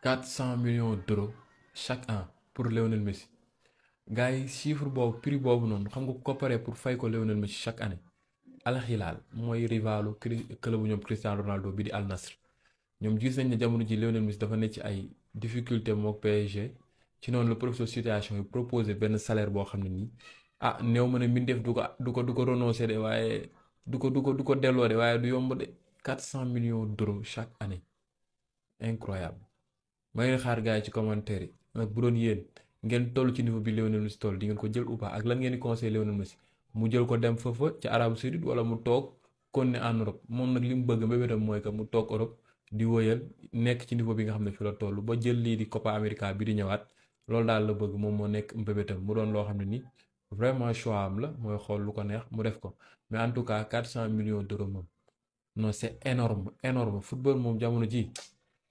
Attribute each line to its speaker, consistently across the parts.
Speaker 1: quatre cent millions d'euros chaque an pour Lionel Messi gars yi chiffre boobu prix boobu noonu xam nga ko paree pour fay ko Lionel Messi chaque année Al Hilal mooy rivalu club bu ñoom Cristiano Ronaldo bi di Al Nassr ñoom gis nañ ne jamono ji Lionel Messi dafa nekk ci ay difficulté mook PSG ci noonu la professeur situation yi proposé benn salaire boo xam ne nii ah néew ma ne mbindeef du ko du ko du ko renoncé de waaye du ko du ko du ko delloo de waaye du yomb de quatre cent millions d'euros chaque année incroyable ma ngi xaar gars yi ci commentaire yi nag bu doon yéen ngeen toll ci niveau bi Lionel Messi toll di ngeen ko jël ou ak lan ngeen di conseil Lionel Messi mu jël ko dem foofa ci Arabie Saoudite wala mu toog kon ne en Europe moom nag li mu bëgg mbébétam mooy que mu toog Europe di wëyal nekk ci niveau bi nga xam ne fi la toll ba jël lii di Copa America bi di ñëwaat loolu daal la bëgg moom moo nekk mbébétam mu doon loo xam ne ni vraiment choix am la mooy xool lu ko neex mu def ko mais en tout cas 400 millions d'euros moom non c'est énorme énorme football moom jamono ji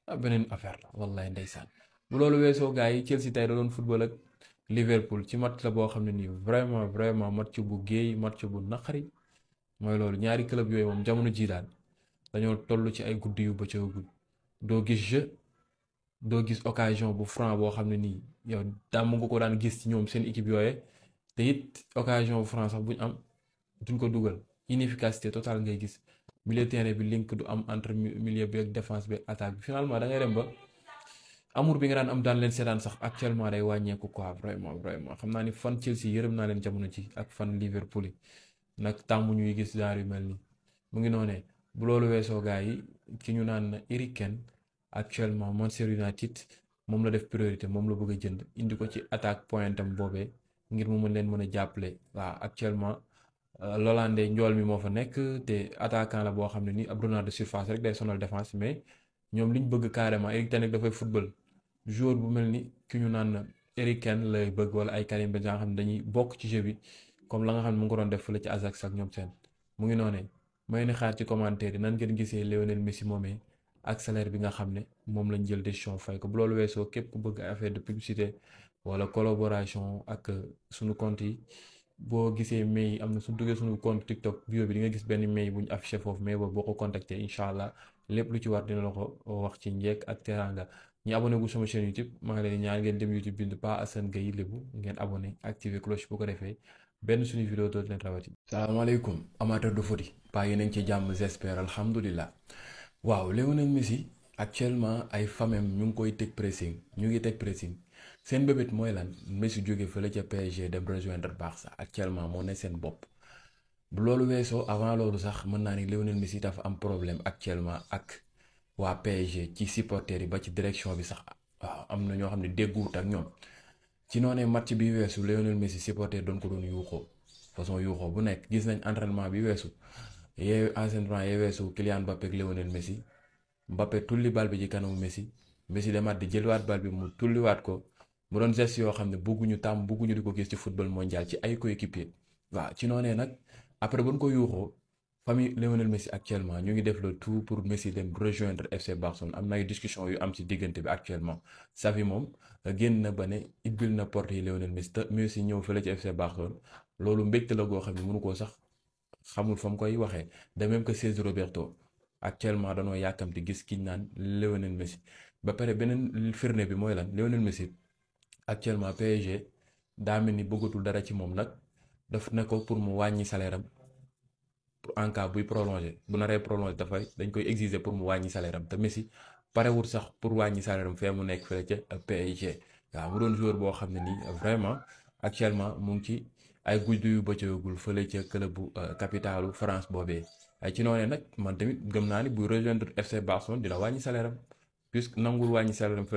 Speaker 1: Ah, beneen affaire la wallaay ndeysaan bu loolu weesoo gars yi Chelsea tey da doon football ak Liverpool ci match la boo xam ne nii vraiment vraiment match bu géey match bu naqari mooy loolu ñaari club yooyu moom jamono jii daan dañoo toll ci ay guddi yu bëccëgul doo gis jeu doo gis occasion bu franc boo xam ne nii yow dàmm nga ko daan gis ci ñoom seen équipe yooyee te it occasion bu franc sax buñ am duñ ko dugal inefficacité totale ngay gis. milieu terrain bi link du am entre milieu bi ak défense bi ak attaque bi finalement da ngay dem ba amour bi nga daan am daan leen seetaan sax actuellement day wàññeeku quoi vraiment vraiment xam naa ni fan Chelsea yërëm naa leen jamono ci ak fan Liverpool yi nag tàmm ñuy gis genre yu mel ni mu ngi noonee bu loolu weesoo gars yi ki ñu naan Harry Kane actuellement Manchester United moom la def priorité moom la bëgg a jënd indi ko ci attaque pointam boobee ngir mu mën leen mën a jàppale waaw actuellement. Euh, Lolande njool mi moo fa nekk te attaquant la boo xam ne ni ab renard de surface rek day sonal défense mais ñoom li ñu bëgg carrément Eric Ten Hag dafay football joueur bu mel ni ki ñu naan Eric Kane lay bëgg wala ay Karim Benzema nga xam ne dañuy bokk ci jeu bi comme la nga xam ne mu ngi doon def fële ci Ajax ak ñoom seen mu ngi noonee may ne xaar ci commentaire yi nan ngeen gisee Lionel Messi moomee ak salaire bi nga xam ne moom lañ jël décision fay ko loolu weesoo képp ku bëgg affaire de publicité wala collaboration ak sunu compte yi. boo gisee mail am na su duggee suñu compte TikTok bio bi di nga gis benn mail bu ñu affiché foofu mail boobu boo ko contacté incha allah lépp lu ci war dina la ko wax ci njekk ak teranga ñi abonné gu sama chaîne YouTube maa ngi leen ñaan ngeen dem YouTube bind Pa Assane Gueye Lébou ngeen abonné activé cloche bu ko defee benn suñu vidéo dootu leen rawati. salaamaaleykum amateur de foot yi paa yi nañ ci jàmm j'espère alhamdulilah waaw Lionel Messi actuellement ay famem ñu ngi koy teg pressing ñu ngi teg pressing. seen bébét mooy lan Messi jóge fële ca PSG dem baax sax actuellement moo ne seen bopp bu loolu weesoo avant loolu sax mën naa ni Lionel Messi dafa am problème actuellement ak waa PSG ci supporters yi ba ci direction bi sax waaw am na ñoo xam ne dégguwut ak ñoom ci noonee match bi weesu Lionel Messi supporter doon ko doon yuuxoo façon yuuxoo bu nekk gis nañ entraînement bi weesu yee entraînement yee weesu Kylian Mbappé ak Lionel Messi Mbappé tulli bal bi ci kanamu Messi Messi demaat di jëliwaat bal bi mu tulliwaat ko mu doon geste yoo xam ne bëgguñu tam bëgguñu di ko gis ci football mondial ci ay coéquipier waaw ci noonee nag après bu ñu ko yuuxoo famille Lionel Messi actuellement ñu ngi def le tout pour Messi dem rejoindre FC Barcelone am na ay discussion yu am ci diggante bi actuellement Xavi moom euh, génn na ba ne ibbil na porte yi Lionel Messi te Messi ñëw fële ci FC Barcelone loolu mbégte la goo xam ne mënu koo sax xamul fa mu koy waxee de même que Sergi Roberto actuellement danoo yàkkamti gis kiñ naan Lionel Messi ba pare beneen firnde bi mooy lan Lionel Messi. actuellement PSG daa mel ni bëggatul dara ci moom nag daf ne ko pour mu wàññi salaire pour en buy prolongé bu naree prolongé dafay dañ koy exiger pour mu wàññi salaire am te Messi parewul sax pour wàññi salaire am fee mu nekk fële ca PSG waaw mu doon joueur boo xam ne nii vraiment actuellement mu ngi ci ay guddi yu bëccëgul fële ca club bu euh, capitalu France boobee. ay ci noonee nag man tamit gëm naa ni buy rejoindre FC Barcelone dina wàññi salaire am puisque nangul wàññi salaire am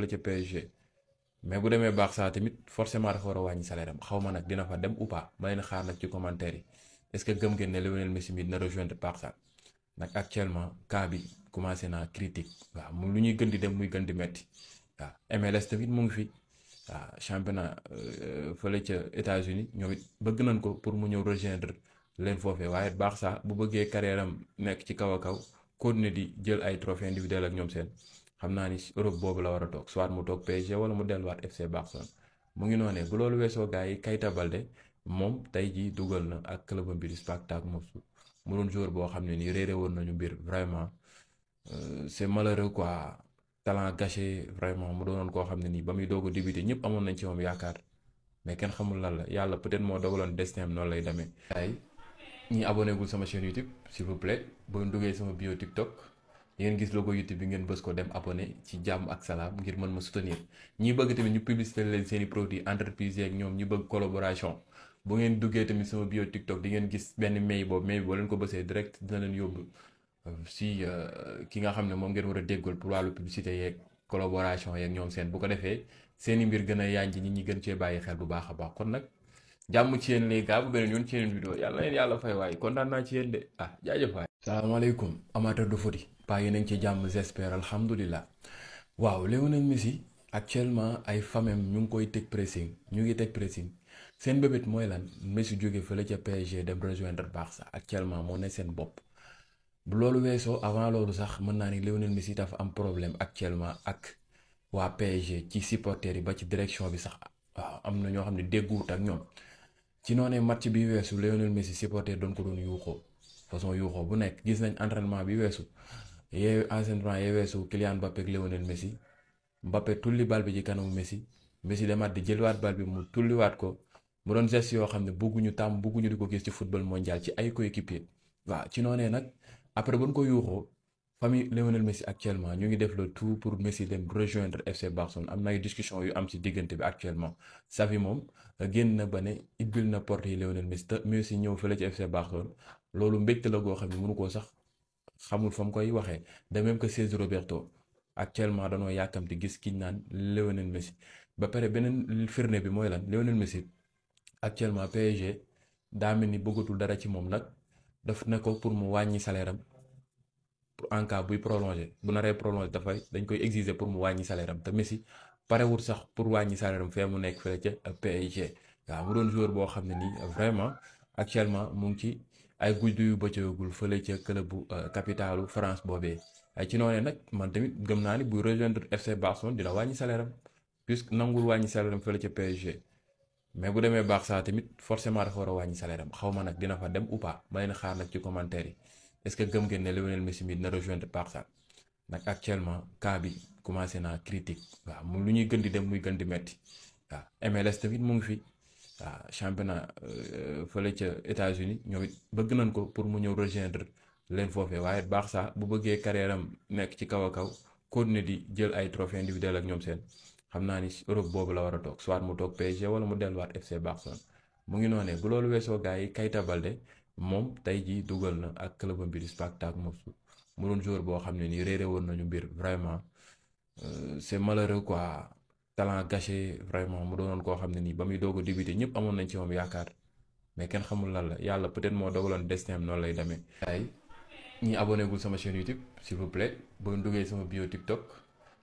Speaker 1: mais bu demee baax saa tamit forcément dafa war a wàññi salaire xaw ma nag dina fa dem ou pas ma leen xaar nag ci commentaire yi est ce que gëm ngeen ne Lionel Messi mi dina rejoindre Barça sax nag actuellement kaa bi commencé naa critique waaw mu lu ñuy gën di dem muy gën di metti waaw MLS tamit mu ngi fi waaw championnat euh, fële ca États-Unis ñoom it bëgg nañ ko pour mu ñëw rejoindre leen foofee waaye baax Barça bu bëggee carrière nekk ci kaw a kaw continuer di jël ay trophées individuels ak ñoom seen. xam naa ni Europe boobu la war a toog soit mu toog PSG wala mu delluwaat baax Barcelone mu ngi noonee bu loolu weesoo gars yi kay Keita Balde moom tey jii dugal na ak club bi di Spartak Moscou mu doon joueur boo xam ne nii réeré woon nañu mbir vraiment euh, c'est malheureux quoi talent gâché vraiment mu doonoon koo xam ne nii ba muy doog a débuté ñëpp amoon nañ ci moom yaakaar mais kenn xamul lan la yàlla peut-être moo dogaloon destin am noonu lay demee. ay ñi abonné gul sama chaîne YouTube s'il vous boo duggee sama bio TikTok. di gis gis logo YouTube bi ngeen bës ko dem abonné ci jàmm ak salaam ngir mën ma soutenir ñi bëgg tamit ñu publicité leen seen i produit entreprise yeeg ñoom ñu bëgg collaboration bu ngeen duggee tamit sama bio TikTok di ngeen gis benn mail boobu mail boo leen ko bësee direct dina leen yóbbu euh, si euh, ki nga xam ne moom ngeen war a déggal pour wàllu publicité yeeg collaboration yeeg ñoom seen bu ko defee seen mbir gën a yànj nit ñi gën cee bàyyi xel bu baax baax kon nag jàmm ci yéen les gars bu beneen yoon ci yàlla na leen yàlla fay waaye kontaan naa ci yéen de ah jaajëf waay salaamaaleykum amateur paa yi nañ ci jàmm j'espère alhamdulilah waaw Lionel Messi actuellement ay famem ñu ngi koy teg pressing ñu ngi teg pressing seen bébét mooy lan Messi jóge fële ca PSG dem baax sax actuellement moo ne seen bopp loolu weesoo avant loolu sax mën naa ni Lionel Messi dafa am problème actuellement ak waa PSG ci supporters yi ba ci direction bi sax waaw am na ñoo xam ne dégguwut ak ñoom ci noonee match bi weesu Lionel Messi supporter doon ko doon yuuxoo façon yuuxoo bu nekk gis nañ entraînement bi weesu yeewi enchaînement yee weesu Kylian Mbappé ak Lionel Messi Mbappé tulli bal bi ci kanamu Messi Messi demaat di jël waat bal bi mu tulliwaat ko mu doon geste yoo xam ne bëgguñu tàmm bëgguñu di ko gis ci football mondial ci ay coéquipier waa ci noonee nag après bu ñu ko yuuxoo famille Lionel Messi actuellement ñu ngi def le tout pour Messi dem rejoindre FC Barcelone am na ay discussion yu am ci diggante bi actuellement Xavi moom génn na ba ne ibbil na porte yi Lionel Messi te Messi ñëw fële ci FC loolu mbégte la goo xam ne mënu koo sax. xamul fa mu koy waxee de même que Sergio actuellement danoo yàkkamti gis kiñ naan Lionel Messi ba pare beneen firne bi mooy lan Lionel Messi actuellement PSG daa mel ni bëggatul dara ci moom nag daf ne ko pour mu wàññi salaire pour en buy prolongé bu naree prolongé dafay dañ koy exiger pour mu wàññi salaire am te Messi parewul sax pour wàññi salaire am fee mu nekk fële ca PSG waaw mu doon joueur boo xam ne nii vraiment actuellement mu ngi ci. ay guddi yu bëccëgul fële ca club bu euh, capitalu France boobee ay ci noonee nag man tamit gëm naa ni buy rejoindre FC Barcelone dina wàññi salaire am puisque nangul wàññi salaire am fële ca PSG mais bu demee Barça tamit forcément dafa war a wàññi salaire am xaw ma nag dina fa dem ou pas ma leen xaar nag ci commentaire yi est ce que gëm ngeen ne Lionel Messi mi dina rejoindre Barça nag actuellement cas bi commencé naa critique waaw mu lu ñuy gën di dem muy gën di metti waaw tamit mu ngi fi. waaw championnat euh, fële ca États-Unis ñoom it bëgg nañ ko pour mu ñëw rejoindre leen foofe waaye baax sax bu bëggee carrière am nekk ci kaw a kaw continuer di jël ay trophées individuels ak ñoom seen xam naa ni Europe boobu la war a toog soit mu toog PSG wala mu delluwaat FC Barcelone mu ngi noonee bu loolu weesoo gars yi kay Keita Baldé moom tey jii dugal na ak club am bi di Spartak Moscou mu doon joueur boo xam ne nii réeré woon nañu mbir vraiment euh, c'est malheureux quoi. talent gâché vraiment mu doonoon koo xam ne nii ba muy doog a débuté ñëpp amoon nañ ci moom yaakaar mais kenn xamul lan la yàlla peut-être moo dogaloon destin am noonu lay demee. ay ñi abonné sama chaîne YouTube s'il vous plaît boo duggee sama bio TikTok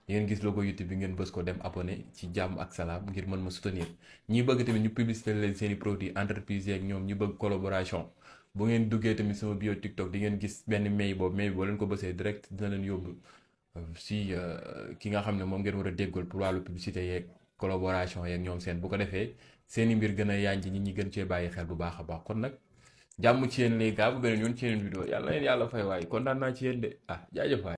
Speaker 1: di ngeen gis logo YouTube bi ngeen bës ko dem abonné ci jàmm ak salaam ngir mën ma soutenir ñi bëgg tamit ñu publicité leen seen i produits entreprise yeeg ñoom ñu bëgg collaboration. bu ngeen duggee tamit sama bio TikTok di ngeen gis benn mail boobu mail boo leen ko bësee direct dina leen yóbbu. si euh, ki nga xam ne moom ngeen war a déggool pour wàllu publicité yeeg collaboration yeeg ñoom seen bu ko defee seeni mbir gën a yànj nit ñi gën cee bàyyi xel bu baax a baax kon nag jàmm ci yéen les gars bu beneen yoon ci yeneen vidéo yàlla na leen yàlla fay waay kontaan naa ci yéen de ah jaajëf waay